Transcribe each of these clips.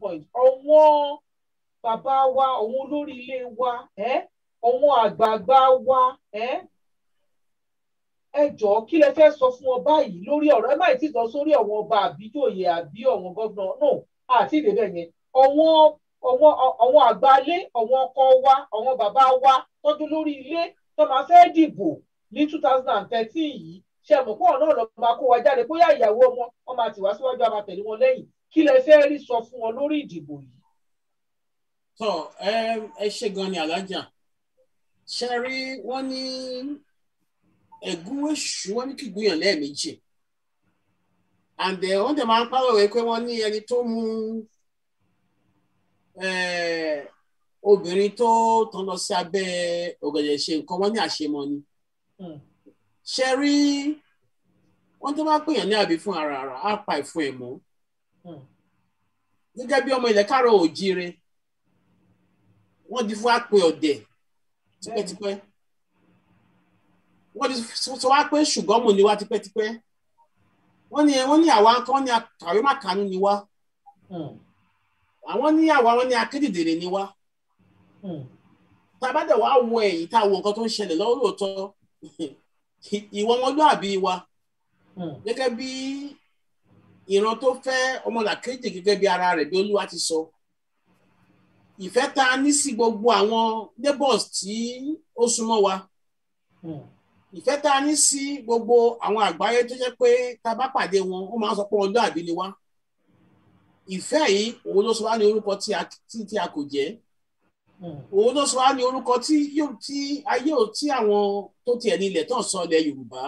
point ọ̀wọ́n bàbá wa òun olórí ilé wa ọ̀wọ́n àgbààgbà wa ẹ jọ̀ọ́ kí lẹ fẹ́ sọ fún ọba yìí lórí ọ̀rọ̀ ẹ má ti sọ sórí ọ̀wọ́n ọba àbíjòyè àbí ọ̀wọ́n gọ́vnà no àti ìdèbẹ̀ yẹn ọ̀wọ́n ọ̀wọ́n ọ̀wọ́n àgbálé ọ̀wọ́n ọkọ wa ọ̀wọ́n bàbá wa tọ́jú lórí ilé tó máa fẹ́ dìbò ní two thousand and thirteen yìí ṣe mọ̀ pọ̀ náà lọ́ọ́ máa kó wa jáde bóyá ìyàwó ọmọ wọn máa tì wá síwájú a tẹ̀lé wọn lẹ́yìn kí lẹ fẹ́ rí sọ fún wọn lórí ìdìbò yìí. tọ ẹ ṣe gan ni alájà ṣe rí wọn ní ẹgún èṣù wọn ní kìgbìyàn lẹ́ẹ̀mejì and wọn dẹ̀ máa ń pàrọ̀ rẹ pé wọ́n ní ẹni tó mú obìnrin tó tán lọ sí abẹ́ ọ̀gẹ̀dẹ̀ ṣe nǹkan wọ́n ní àṣemọ ni hmm. ṣe rí wọ́n tó bá pèèyàn ní àbí fún ara ara á pa ìfún ẹ̀ mọ́. Hmm. gẹ́gẹ́ bí ọmọ ilẹ̀ káàrọ̀ òjíire wọ́n di fún àpè ọ̀dẹ̀ tipẹ́tipẹ́ wọ́n di sọ wá pé ṣùgbọ́n mò ní wá tipẹ́tipẹ́ wọ́n ní wọ́n ní àwa wọ́n ní àkàwé má kánú ni wá hmm. àwọn ní àwa wọ́n ní akédèdèrè ni wá hmm. tàbádẹ̀ wá wọ ẹ̀yìn tá a wọ nǹkan tó ń ṣẹlẹ̀ lọ́wọ́ lóòótọ́ ìwọ ọmọlúàbí wa gẹ́gẹ́ bí ìran tó fẹ́ ọmọlàkejì gẹ́gẹ́ bí ara rẹ̀ bí olúwa ti sọ ìfẹ́ tá ní sí gbogbo àwọn neighbors tí ó súnmọ́ wa ìfẹ́ tá a ní sí gbogbo àwọn àgbáyé tó jẹ́ pé tá a bá pàdé wọn ó máa ń sọ pé ọjọ́ àbí ni wá ìfẹ́ yìí òun ló sọ wá ní orúkọ tí a kò jẹ́ òun ló sọ wá ní orúkọ tí ayé ò tí àwọn tó tiẹ̀ nílẹ̀ tó sọ ilẹ̀ Yorùbá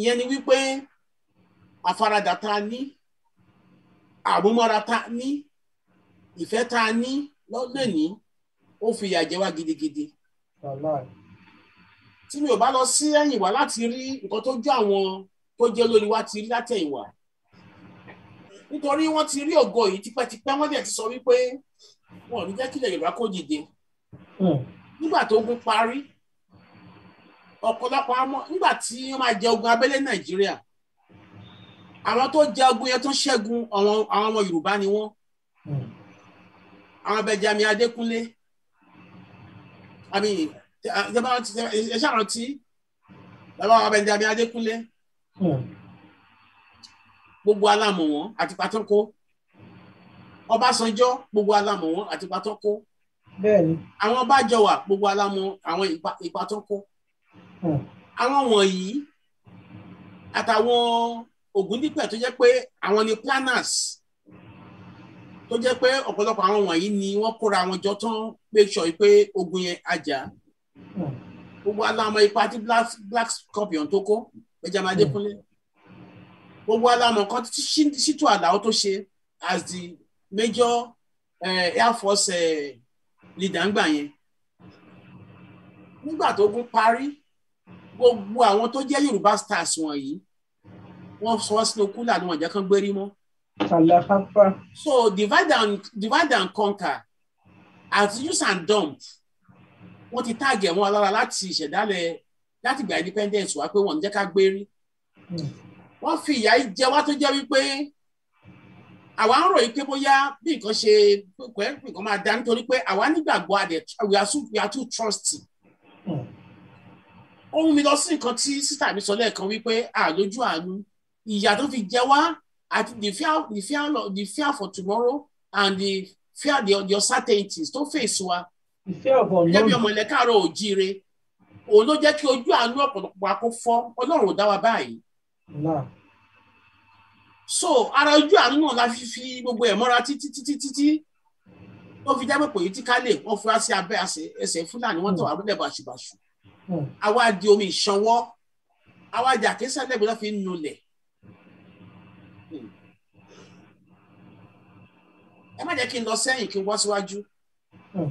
ìyẹn ni wípé àfaradà tá a ní àmúmọ́ra tá a ní ìfẹ́ tá a ní lọ́nà ní ó fi ìyà jẹ wá gidigidi. tí mi ò bá lọ sí ẹ̀yìn wá láti rí nǹkan tó jọ àwọn tó jẹ́ olórí wa ti rí látẹ̀yìnwá nítorí wọ́n ti rí ògo yìí tipẹ́tipẹ́ wọ́n dẹ̀ ti sọ wípé wọn ní jẹ́ kí ilẹ̀ Yorùbá kó dìde hmm. nígbà tó ogun parí ọ̀pọ̀lọpọ̀ àwọn nígbà tí wọ́n máa jẹ ogun abẹ́lé Nàìjíríà àwọn tó jẹ ogun yẹn tó ṣẹ́gun àwọn ọmọ Yorùbá ni wọ́n àwọn Benjamin Adékúnlé àmì ẹṣẹ àrántí bàbá àwọn Benjamin Adékúnlé gbogbo alámọ wọn àti pátákó Ọbásanjọ́ gbogbo alámọ wọn àti pátákó àwọn Bájọwà gbogbo alámọ àwọn ìpátákó hmm. àwọn wọ̀nyí àtàwọn. Ògúndípẹ̀ tó jẹ́ pé àwọn ni planners tó jẹ́ pé ọ̀pọ̀lọpọ̀ àwọn wọ̀nyí ni wọ́n kóra wọn jọ tán make sure pé ogun yẹn ajá gbogbo aláàmọ ipa tí black scorpion tó kó Benjamin Adékúnlé gbogbo aláàmọ kan tí Ṣítù Àlàó tó ṣe as the major uh, air force uh, leader ń gbà yẹn nígbà tó gún parí gbogbo àwọn tó jẹ́ Yorùbá stars wọ̀nyí wọ́n sọ sínú kúlà ni wọ́n jẹ́ kán gbérí mọ́. kàlàfàfà. so divide and divide and conquer àti use and dump wọ́n ti tààgẹ̀ wọn lára láti ìṣẹ̀dálẹ̀ láti gba independence wá pé wọ́n ń jẹ́ ká gbérí. wọ́n fi ìyà jẹ wá tó jẹ́ wípé àwa ń ròyìn pé bóyá bí nǹkan ṣe pẹ́ nǹkan máa dá nítorí pé àwa nígbàgbọ́ adẹ̀ we are too trusty. Hmm. ó mú mi lọ sí nǹkan tí sísà mi sọ lẹ́ẹ̀kan wípé àlójú àánú ìyà tó fi jẹ wá àti the fear the fear the fear for tomorrow and the fear the the uncertainties tó fèsì wa. ìfẹ́ bí ọmọ ilẹ̀ káàárọ̀ òjíire òun ló jẹ́ kí ojú àánú ọ̀pọ̀lọpọ̀ akófọ́ ọlọ́run ò dá wa báyìí. so ara ojú àánú náà la fi fi gbogbo ẹ̀ mọ́ra títí títí títí ó fi jẹ́ pé pòlítíkálì wọ́n fura sí abẹ́ ẹsẹ̀ fúlàní wọ́n tọ̀ wá lọ́lẹ̀ bàṣubàṣu hmm. Hmm. àwa di omi ìṣanwọ́ àwa di àkẹ́sẹ̀ lẹ́gbẹ̀ẹ́ lọ́ọ́ fi ń nulẹ̀ ẹ má jẹ́ kí n lọ sẹ́yìn kí n wọ́ síwájú hmm.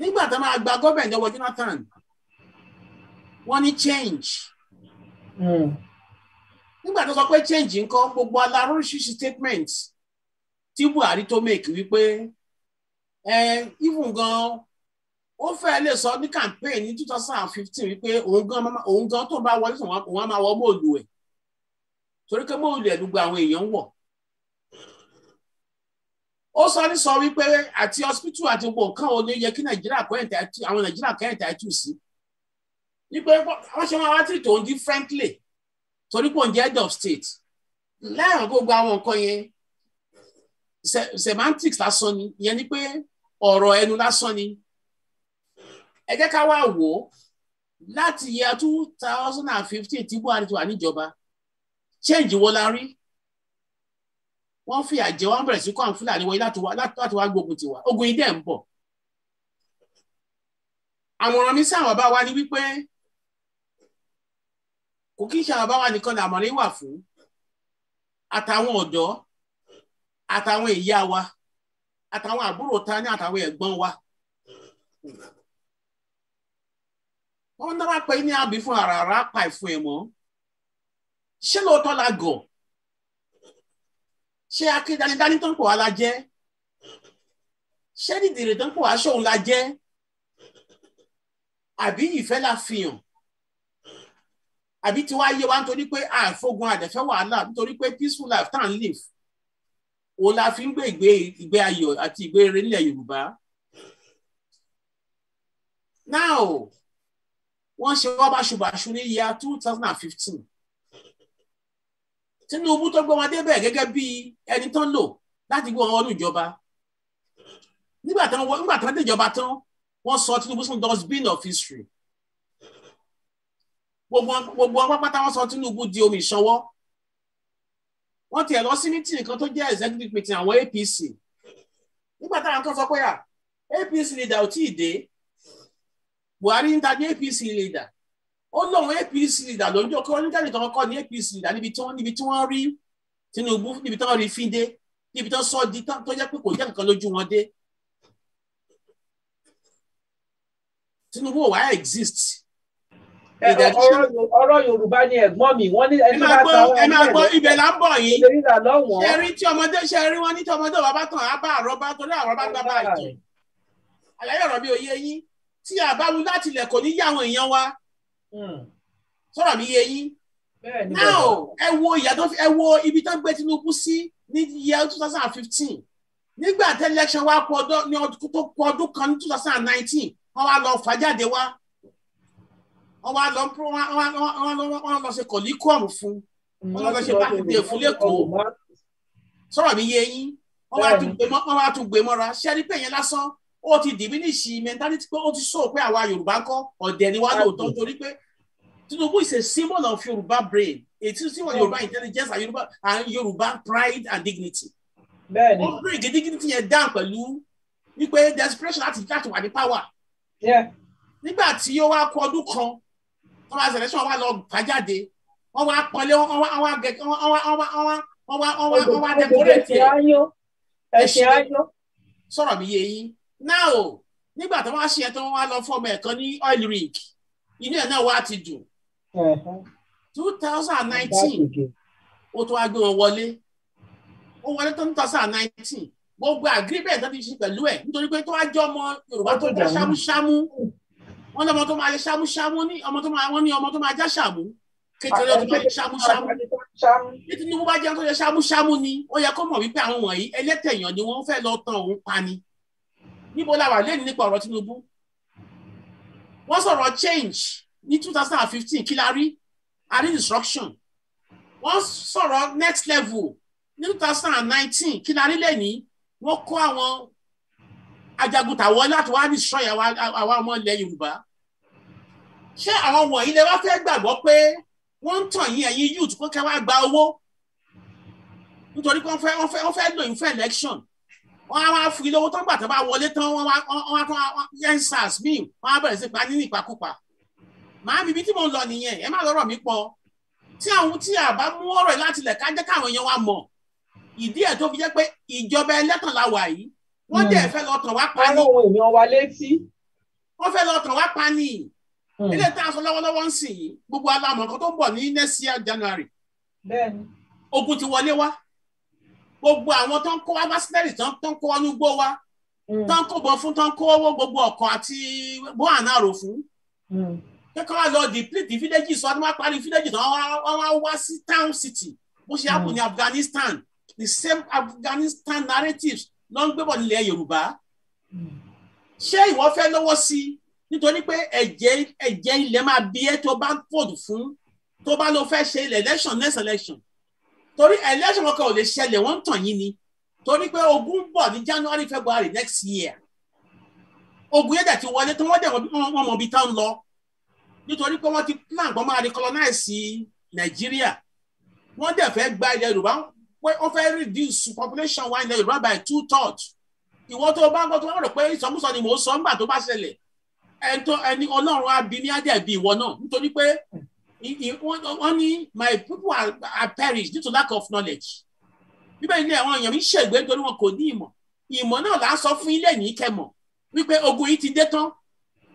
nígbà tó máa gba gómìnà lọ́wọ́ Jonathan wọ́n ní change hmm. nígbà tó sọ pé change ńkọ́ gbogbo aláròṣìṣì statement tí Buhari tó make wípé ẹ even gan ó fẹ́ lè sọ ní campaign ní two thousand and fifteen wípé òun gan tó bá wọlé tó wọn máa wọ mọ́ọ̀lù ẹ̀ torí pé mọ́ọ̀lù ẹ̀ gbogbo àwọn èèyàn wọ̀ ó sọ ní sọ wípé àti hospital àti gbogbo nǹkan ò ní yẹ kí nàìjíríà kẹ́yìn tàìtù àwọn nàìjíríà kẹ́yìn tàìtù sí wípé wọ́n ṣe máa wá tì tó ń di frankly torí pò ń jẹ́ head of state láàrín gbogbo àwọn nǹkan yẹn semantics lásán ni ìyẹn ni pé ọ̀rọ̀ ẹnu lásán ni ẹ jẹ́ ká wá wò ó láti year two thousand and fifteen tí Buhari ti wà níjọba change wo la rí wọ́n fìyà jẹ wọ́n bẹ̀rẹ̀ sí kó àwọn fúlàní wọ̀nyí láti wá gbógun tiwa ogun yìí dẹ̀ ń bọ̀ àmọ̀ràn mi sáwọn bá wa ni wípé kò kí n ṣe àwọn bá wa nìkan ní àmọ̀ràn wà fún àtàwọn ọ̀dọ́ àtàwọn ìyá wa àtàwọn àbúrò ta ní àtàwọn ẹ̀gbọ́n wa wọ́n dára pé ní àbí fún àràrà pa ìfún ẹ̀ mọ́ ṣé lóòótọ́ la gọ̀ọ́ ṣé akíndánidání tó ń pò wá la jẹ́ ṣé dìdìrì tó ń pò wá ṣóun la jẹ́ àbí ìfẹ́ la fihàn àbí tí wàá yé wa nítorí pé àfogun àdẹ̀fẹ́ wàhálà nítorí pé peaceful life tá à ń live òun la fi ń gbé ìgbé ìgbé ayọ̀ àti ìgbé rere nílẹ̀ Yorùbá now wọ́n ṣe wọ́n bá ṣubàṣu ní year two thousand and fifteen Tinubu tó gbé wọn débẹ̀ gẹ́gẹ́ bí ẹni tó lò láti gbé wọn wọnú ìjọba nígbà tán nígbà tán déjọba tán wọ́n sọ Tinubu sínú dustbin of history gbogbo gbogbo apápátá wọ́n sọ Tinubu di omi ìṣanwọ́ wọ́n tiẹ̀ lọ sí mítìnì kan tó jẹ́ executive meeting àwọn APC nígbà táwọn kan sọ pé à ah, APC leader ò tí ì dé Buhari ń ta ní APC leader ó lóun APC leader ló ń jọ kí wọ́n ní jáde tó kọ́kọ́ ní APC leader níbi tí wọ́n níbi tí wọ́n rí Tinubu níbi tí wọ́n rí fídé níbi tó sọ di tó jẹ́ pé kò jẹ́ nǹkan lójú wọn dé Tinubu ò wá exist. ọ̀rọ̀ Yorùbá ni ẹ̀gbọ́n mi wọ́n ní ẹni bá ta ọ́ ẹ máa gbọ́ ibẹ̀ là ń bọ̀ yìí ṣe rí tí ọmọdé ṣe rí wọn ní tí ọmọdé bàbá tàn á bá àrọ́ bá torí àrọ́ bá gbá bá àjẹ́ àlàyé ọ̀rọ̀ mi ò yé yín tí àbámu láti ilẹ̀ kò ní yá àwọn èèyàn wa Hmm. sọ̀rọ̀ mi yé yín now ẹ wo ìyàtọ̀ ẹ wo ibi tó gbé Tinubu sí ní year two thousand and fifteen nígbà tẹ́lẹ̀ṣẹ̀ wa kú ọdún ní ọdún tó kú ọdún kan ní two thousand and nineteen wọ́n wá lọ fàjáde wá wọ́n wá lọ wọ́n lọ ṣe kọ̀líkọ̀ọ̀mù fún wọ́n lọ ṣe pàtìdé fún lẹ́kọ̀ọ́ sọ̀rọ̀ mi yé yín wọ́n wá tún gbé mọ́ra ṣẹ́rí pé yẹn lásán ó ti dìmínísì mentality pé ó ti sọ pé àwa Yorùbá ń kọ́ ọ̀dẹ̀ ni wá lóòótọ́ torí pé Tinubu is a symbol of Yorùbá brain a symbol of Yorùbá intelligence and Yorùbá and Yorùbá pride and dignity. bẹ́ẹ̀ni ó bring dignity yẹn down pẹ̀lú wípé desperation láti láti wà ní power. nígbà tí ó wá kọ ọdún kan wọ́n máa ṣẹlẹ̀ sọ́wọ́n wá lọ fà jáde wọ́n wá pọ́nlé wọ́n wá wọ́n wá decorate ẹ̀. ẹ̀sìn ayọ́. sọ̀rọ̀ mi yé yín náà o nígbà tó wá ṣe ẹ tó wá lọ fọmọ ẹ kan ní oil rig inú ẹ náà wá ti dùn two thousand nineteen ó tó wá gbé wọn wọlé ó wọlé tó two thousand nineteen gbogbo agreement tó ti ṣe pẹ̀lú ẹ̀ nítorí pé tó wá jẹ́ ọmọ Yorùbá tó jẹ́ ṣámúṣámú wọn ní ọmọ tó máa lè ṣámúṣámú ní ọmọ tó máa wọn ní ọmọ tó máa já ṣàmú kékeré tó máa lè ṣámúṣámú ní Tinubu bá jẹ́ tó yẹ ṣámúṣámú ni ó yẹ kó mọ̀ wípé àwọn wọ̀nyí ẹlẹ́tẹ̀yàn ni wọ́n fẹ́ lọ tàn òun pa ni níbo la wà lẹ́yìn nípa ọ̀rọ̀ Tinubu wọ́n sọ̀rọ̀ change ní 2015 thousand and fifteen kí la rí a instruction wọ́n sọ̀rọ̀ next level ní 2019 thousand and nineteen kí la rí lẹ́yìn wọ́n kọ́ àwọn ajaguntàwọ́ láti wá ní sọ́yà àwa ọmọ ilẹ̀ Yorùbá ṣé àwọn wọ̀nyí lè wá fẹ́ gbàgbọ́ pé wọ́n ń tàn yín ẹ̀yin youth kó kẹ́ wá gba owó nítorí pé wọ́n fẹ́ wọ́n fẹ́ wọ́n fẹ́ lò yín fún election wọ́n á wá fún ilé owó tó ń gbà tó bá wọlé tán wọ́n wá tó ensars míì wọ́n á bẹ̀rẹ̀ sí pa nínú ìpakúpa màá bíbí tí mo lọ nìyẹn ẹ má lọ́rọ̀ mi pọ̀ tí àwọn tí a bá mú ọ̀rọ̀ yìí láti lẹ̀ ká jẹ́ káwọn èèyàn wa mọ̀ ìdí ẹ̀ tó fi jẹ́ pé ìjọba ẹlẹ́tàn la wà yìí wọ́n dẹ̀ hmm. fẹ́ lọ tàn wá pa ní. àwọn èèyàn wa létí. wọ́n fẹ́ lọ tàn wá pa ilé hmm. tá a sọ lọ́wọ́lọ́wọ́ ń sìn yìí gbogbo alamọ̀ kan tó ń bọ̀ ní next year January. bẹ́ẹ̀ni. ogun ti wọlé wá gbogbo àwọn tó ń kó wá mercenaries tó ń kó wọnú gbó wa mm. tó ń kó bọ fún tó ń kó owó gbogbo ọkàn àti bóhánà rò fún mm. kẹ́kọ̀ọ́ wa lọ deplete fídẹ́jì sọ ọdún wa parí fídẹ́jì náà wọ́n wá wá sí town city bó ṣe hàpù ní mm. Afghanistan the same Afghanistan narratives ló ń gbébọ̀ nílẹ̀ Yorùbá ṣé ìwọ fẹ́ lọ́wọ́ sí nítorí pé ẹ̀jẹ̀ ẹ̀jẹ̀ ilẹ̀ máa bí ẹ́ tó bá vote fún tó bá lọ fẹ́ ṣe election next election torí election kankan ò lè ṣẹlẹ̀ wọ́n ń tàn yín ni torí pé ogun bọ̀ ní January February next year ogun yẹn dẹ̀ ti wọlé tí wọ́n dẹ̀ wọ́n mọ̀ bí tán lọ nítorí pé wọ́n ti plan gbọ́n máa recolonize Nàìjíríà wọ́n dẹ̀ fẹ́ gba ilẹ̀ Yorùbá pé wọ́n fẹ́ reduce population wa ilẹ̀ Yorùbá by two thirds ìwọ tó o bá gbọ́ tó o bá rò pé ìsọkúsọ ni mò ń sọ ńgbà tó bá ṣẹlẹ̀ ẹni ọlọ́run á bí ní á dẹ̀ bí ìwọ náà nítorí pé wọ́n ní my people are, are perished due to lack of knowledge bíbẹ̀ ilé àwọn èèyàn mi ṣègbè nítorí wọn kò ní ìmọ̀ ìmọ̀ náà là á sọ fún ilé yìí kẹmọ̀ wípé ogun yìí ti dé tán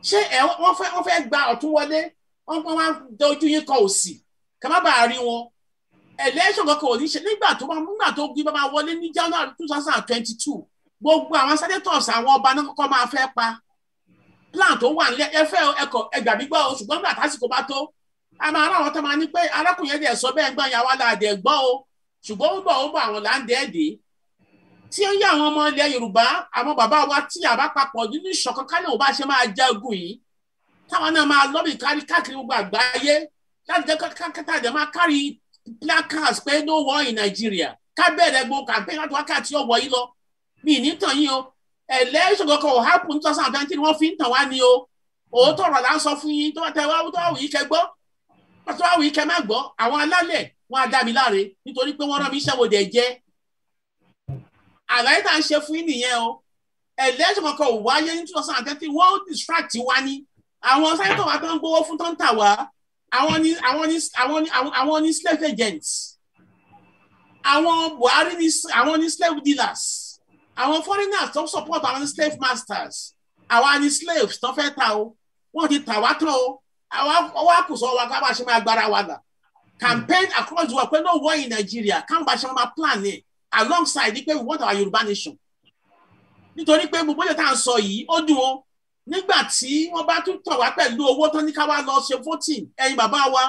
ṣé ẹ wọ́n fẹ́ wọ́n fẹ́ gba ọ̀tún wọlé wọ́n wọ́n wá dojú yín kọ òsì kẹ má bàa rí wọn election kankan ò ní ṣe nígbà tó bá nígbà tó gbé bá wọlé ní January two thousand and twenty two gbogbo àwọn senators àwọn ọba náà kọ́kọ́ máa fẹ́ pa plan tó wà nílẹ̀ ẹ fẹ́ ẹkọ ẹgbàá gbígbọ́ ṣùgbọ́n nígbà tásìkò bá tó a máa rán àwọn tó máa ní pé arákùnrin ẹ̀dẹ̀ sọ bẹ́ẹ̀ gbọ́n yàwá láàdẹ̀ gbọ́ o ṣùgbọ́n ó bọ̀ ó bọ̀ àwọn láǹdẹ̀ ẹ̀dẹ̀ tí ó ń yá àwọn ọmọ ilẹ̀ Yorùbá àwọn bàbá wa tí àbá papọ̀ nínú ìṣọ̀kan kálẹ̀ ò bá ṣe máa jagun yìí táwọn náà máa lọ́bì kárí káàkiri gbogbo àgbáyé láti jẹ́ kákàtà dẹ̀ máa kárí placards pé no war in Nigeria ká bẹ̀rẹ̀ gbogbo campaign láti wákàtí ọ̀wọ́ yìí lọ mi ní tàn yín o election kankan ò happen two thousand and twenty wọ́n fi ń tàn wá ni o òótọ́ ọ̀rọ̀ là ń sọ fún yín tó bá tẹ wá wúdọ́ àwòyí kẹgbọ́n pásítọ̀ àwìn kẹ́ má gbọ́ àwọn alálẹ̀ wọn á dá mi láre nítorí pé wọ́n rán mi iṣẹ́ wo dẹ̀ jẹ́ àlàyé tá à ń ṣe fún yín nìyẹn o election kan ò wáyé ní two thousand and thirteen wọ́n distract wa ní àwọn sáyẹ́tọ̀ wa tó ń gbowó fún tó ń tà wá àwọn ni àwọn ni àwọn ni àwọn ni slave agents àwọn Buhari ni àwọn ni slave dealers àwọn foreigners tó ń support àwọn ni slave masters àwa ni slaves tó fẹ́ ta o wọ́n ti tà wá tán o àwọn àkùsọ wa ká bá máa gbára wa dà campaign across the world pé no war in Nigeria ká bá ṣe máa plan ní alongside pé we want our Yorùbá nation nítorí pé gbogbo yóò tá à ń sọ yìí ó dùn ó nígbà tí wọ́n bá tún tàn wá pẹ̀lú owó tán ní ká wá lọ ṣe voting ẹ̀yin bàbá wa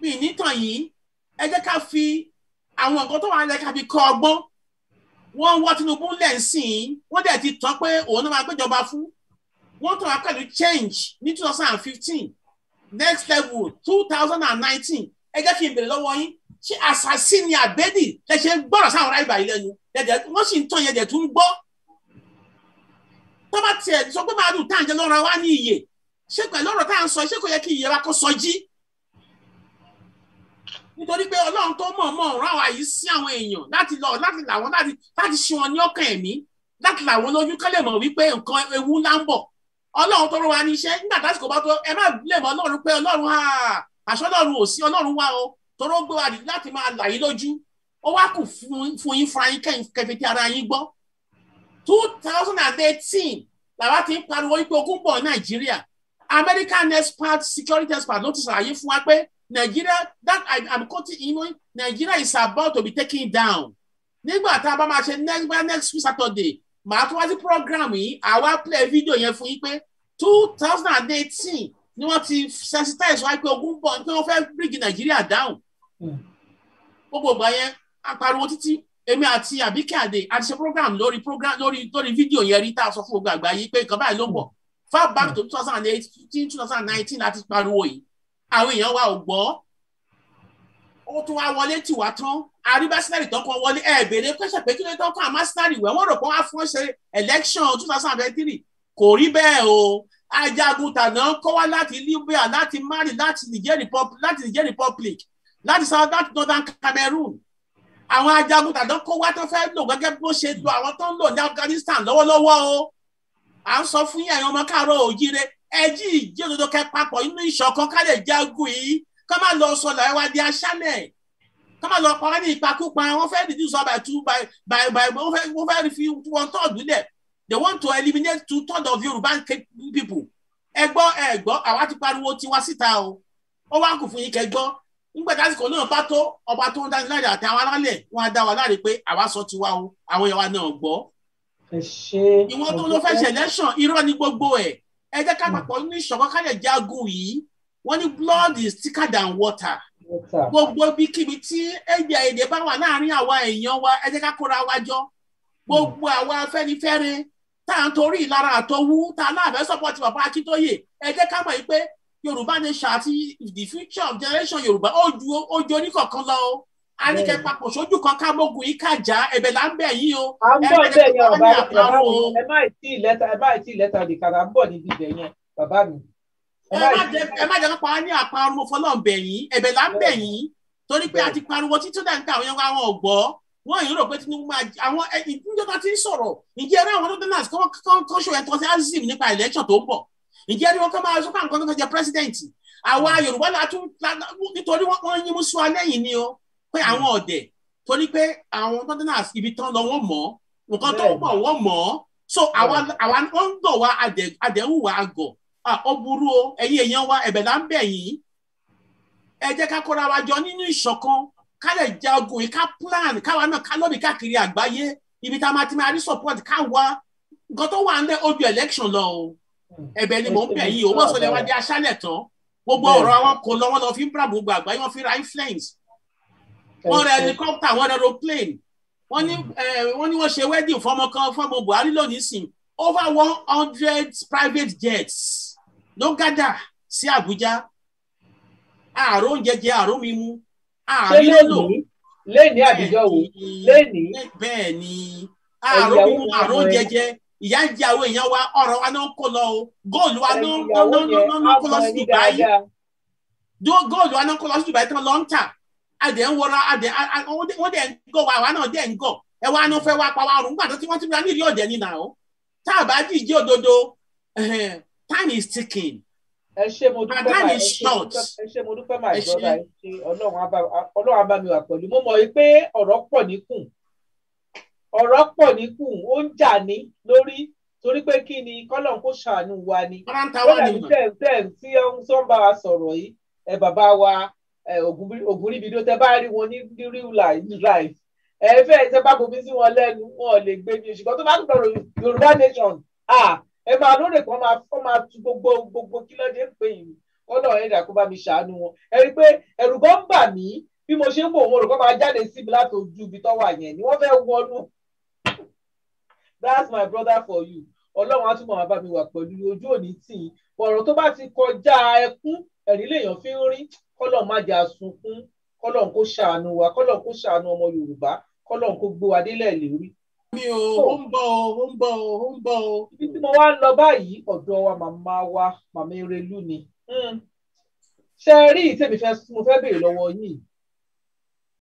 mi nítàn yìí ẹ jẹ́ ká fi àwọn nǹkan tó wà nílẹ̀ ká fi kọ́ ọgbọ́n wọ́n ń Tinubu lẹ́sìn wọ́n dẹ̀ ti tán pé òun náà máa gbéjọba fún wọ́n tọrọ pẹ̀lú change ní two thousand and fifteen next level two thousand and nineteen ẹ jẹ́ kí n bèrè lọ́wọ́ yín ṣé àṣàṣì ni àbẹ́dì ẹ ṣe ń gbọ́rọ̀ sáwọn ará ìbàyí lẹ́nu wọ́n sì ń tàn yẹn jẹ̀ tún ń gbọ́ tọ́ba tiẹ̀ sọ pé màálù tá à ń jẹ lọ́ra wá ní iye ṣé pẹ̀lú ọ̀rọ̀ tá à ń sọ ṣé kò yẹ kí iye wa kó sọ jí nítorí pé ọlọ́run tó mọ̀ mọ̀ rán àwa yìí sí àwọn èèyàn láti lọ láti làwọn láti láti ṣe wọn ní ọkàn ẹ̀mí láti làwọn lójú kán lè mọ̀ wípé nǹkan ewu ńlá ń bọ̀ ọlọ́run tó rán wa ní iṣẹ́ nígbà tásìkò bá tó ẹ má lè mọ ọlọ́run pé ọlọ́run ha àṣọ ọlọ́run ò sí ọlọ́run wa o tọ́rọ gbé wa láti máa là yín lójú ó wá kù fún yín fúnra yín kẹfìtì ara yín gbọ́ two thousand and eighteen làwa ti ń pariwo wípé ogun nàìjíríà American expert security expert ló ti ṣàlàyé fún wa pé nàìjíríà that I am quoting him nàìjíríà is about to be taken down nígbà tá a bá máa ṣe next next week Saturday màá tún wá sí program yìí àwa play video yẹn fún yín pé two thousand and eighteen ni wọ́n ti sensitize wá pé ogun bọ̀ pé wọ́n fẹ́ bírígì nàìjíríà down hmm. gbogbo ìgbà yẹn apariwo títí èmi àti àbíkẹ́ àdè àti ṣe program lórí program lórí lórí video yẹn rí tá a sọ fún gbogbo àgbáyé pé nǹkan báyìí ló ń bọ̀ hmm. far back to hmm. two thousand and eighteen two thousand and nineteen láti pariwo yìí àwọn èèyàn wa ò gbọ́ ó tún wá wọlé tì wá tán àrí Arsenal tó kàn wọlé ẹ béèrè pẹ́sẹ̀ pé kí ló tán kàn Arsenal wẹ̀ wọ́n rò pé wọ́n á fún ṣe election two thousand and twenty-three kò rí bẹ́ẹ̀ o ajagun tàná kọ́ wá láti Libya láti Mali láti Niger Republic láti Niger Republic láti south láti northern Cameroon àwọn ajagun tàná kọ́ wá tó fẹ́ lò gẹ́gẹ́ bó ṣe lo àwọn tó ń lò ní Afghanistan lọ́wọ́lọ́wọ́ o à ń sọ fún yín ẹ̀yin ọmọ káàárọ̀ òjíire ẹ jí ìjẹ́ òdodo kẹ́ papọ̀ inú ìṣọ̀kan ká lè jagun yìí kọ́ máa lọ sọ làwọn wá di aṣálẹ̀ kọ́ máa lọ pa wá ní ìpakúpa wọ́n fẹ́ reduce by two by by by wọ́n fẹ́ fi one third lẹ̀ they want to eliminate two third of Yorùbá people ẹ gbọ́ ẹ gbọ́ àwa ti pariwo tiwa síta o ó wá kù fún yín kẹ́ gbọ́ nígbà tásìkò náà bá tó ọba tó ń dání láàyè àti àwọn alálẹ̀ wọn á dá wa láre pé àwa sọ tiwa o àwọn èèyàn wa náà gbọ́. ìwọ́n tó ló fẹ́ ṣẹlẹ́ṣàn irọ́ ni gbogbo ẹ̀ ẹ jẹ́ ká mm. papọ̀ ní ìṣọ̀kan ká lè jagun yìí wọ́n ní blood is thicker than water gbogbo ibikíbi tí ẹ̀jẹ̀ èdè bá wà láàrin àwa èèyàn wa ẹ jẹ́ ká kóra wa jọ gbogbo àwa afẹ́nifẹ́re tá à ń torí ìlara àtọwú tá a náà fẹ́ support bàbá Akíntóyè ẹ jẹ́ ká mọ̀ yìí pé Yorùbá nation àti the future of generation Yorùbá ó ju ojú oníkọ̀ọ̀kan lọ o àníkẹ́ papọ̀ sójú kan kámógun yìí kàjá ẹ̀bẹ̀ là ń bẹ̀ yín o. à ń bọ̀ bẹ́ẹ̀ yẹn ọ̀bá ẹ má ì tí ì lẹ́tà ẹ má ì tí ì lẹ́tà ẹ má jẹ́ kó pa á ní àparun mo fọlọ́ bẹ̀ yín ẹ̀bẹ̀ là ń bẹ̀ yín torí pé a ti pariwo títí dà ń ká àwọn ẹran ọ̀gbọ́ wọ́n yìí rò pé Tinubu máa àwọn ìjọba ti ń sọ̀rọ̀ ǹjẹ́ ẹ̀rọ àwọn northerners kọ́ ṣòwò ẹ̀tọ́ sí azim nípa election tó ń bọ̀ ǹjẹ́ ẹ̀rọ kan máa sọ́kà nǹkan tó fẹ́ jẹ president àwa hmm. Yorùbá la tún nítorí wọ́n yín mú sí wa lẹ́yìn ni o pé hmm. àwọn ọ̀dẹ̀ torí pé àwọn northerners ibi tán lọ wọ́n mọ̀ nǹkan tó ń bọ̀ wọ́n mọ̀ so àwa wọ́n ń gbọ̀ wa adẹ̀hùn wa agọ̀ ó burú o ẹ̀yin èèyàn wa ẹ̀bẹ̀ là ń bẹ̀ yín ẹ jẹ́ jọ nínú ìṣọ̀kan ká lè jagun yìí plan káwa náà ká lóbi káàkiri àgbáyé ibi tá a máa ti máa rí support ká wá nǹkan tó wà ń lé election lọ o ẹ̀bẹ̀ ni mò ń bẹ̀ yín o wọ́n sọ lẹ́wọ́ di aṣálẹ̀ tán gbogbo ọ̀rọ̀ àwọn kò lọ wọ́n lọ fi ń bra gbogbo àgbáyé wọ́n fi ra influence wọ́n rẹ helicopter wọ́n rẹ aeroplane wọ́n ní hmm. wọ́n ní wọ́n ṣe wedding fọmọ kan fọmọ Buhari lónìí sìn over one hundred private jets ló gádà sí Àbújá ààrò oúnjẹ jẹ ààrò mímu ààrò lò lẹ́ni àbíjọ́ wo lẹ́ni bẹ́ẹ̀ ni ààrò mímu ààrò oúnjẹ jẹ ìyá ń jẹ àwọn èèyàn wa ọ̀rọ̀ wa náà ń kó lọ o góòlù wa náà ń kó lọ sí Dubai góòlù wa náà ń kó lọ sí Dubai tán lọ ń tà adẹ ń wọra adẹ wọ́n dẹ̀ ń gọ̀ wa àwa náà dẹ̀ ń gọ̀ ẹ wa náà fẹ́ wá pa wa rùn gbàdọ́ tí wọ́n ti ra nílùú ọ̀dẹ̀ nínà o tá a bá jíjẹ́ òdodo time is ticking. ẹ ṣe mo dúpẹ́ máa ẹ ṣe mo dúpẹ́ máa ìjọba ẹ ṣe ọlọ́run á mi wà pẹ̀lú mo mọ̀ pé ọ̀rọ̀ pọ̀ níkùn ọ̀rọ̀ pọ̀ níkùn ó ń jà ní lórí torí pé kí ni kọ́lọ́n kó ṣàánú wa ni kọ́lọ́n tẹ̀ tẹ̀ tí ó ń bá wa sọ̀rọ̀ yìí ẹ bàbá wa Ògúnríbidó tẹ bá rí wọn ní real life ẹ fẹ́ tẹ bá bomi sí wọn lẹ́nu wọn lè gbé mi ṣùgbọ́n tó bá ń gbọ́rọ̀ Yorùbá nation ah ẹ máa lóore kan máa fọ́ máa tu gbogbo gbogbo kí lóde ń pè yìí kọ́lọ̀ ẹ̀dà kó bá mi ṣàánú wọn ẹ rí i pé ẹ̀rù kan ń bà mí bí mo ṣe ń wò wọn rò kó máa jáde sí láti ojú ibi tó wà yẹn ni wọ́n fẹ́ wọnú that's my brother for you ọlọ́run á túbọ̀ máa bá mi wà pẹ̀lú ojú òní tì í ọ̀rọ̀ tó bá ti kọjá ẹkún ẹ̀rín lèèyàn fi ń rí kọ́lọ̀ má jà sunkún kọ́lọ̀ kó ṣàánú wa kọ́lọ̀ kó ṣàánú ọmọ yorùbá kọ́lọ̀ kó gbé wa lérí mi oh. o ó ń bọ̀ o ó ń bọ̀ o ó ibi tí mo wá ń lọ báyìí ọ̀dọ̀ wa màmá wa màmá erelú ni hmm. ṣe rí ìtẹ̀mí mo fẹ́ béèrè lọ́wọ́ yìí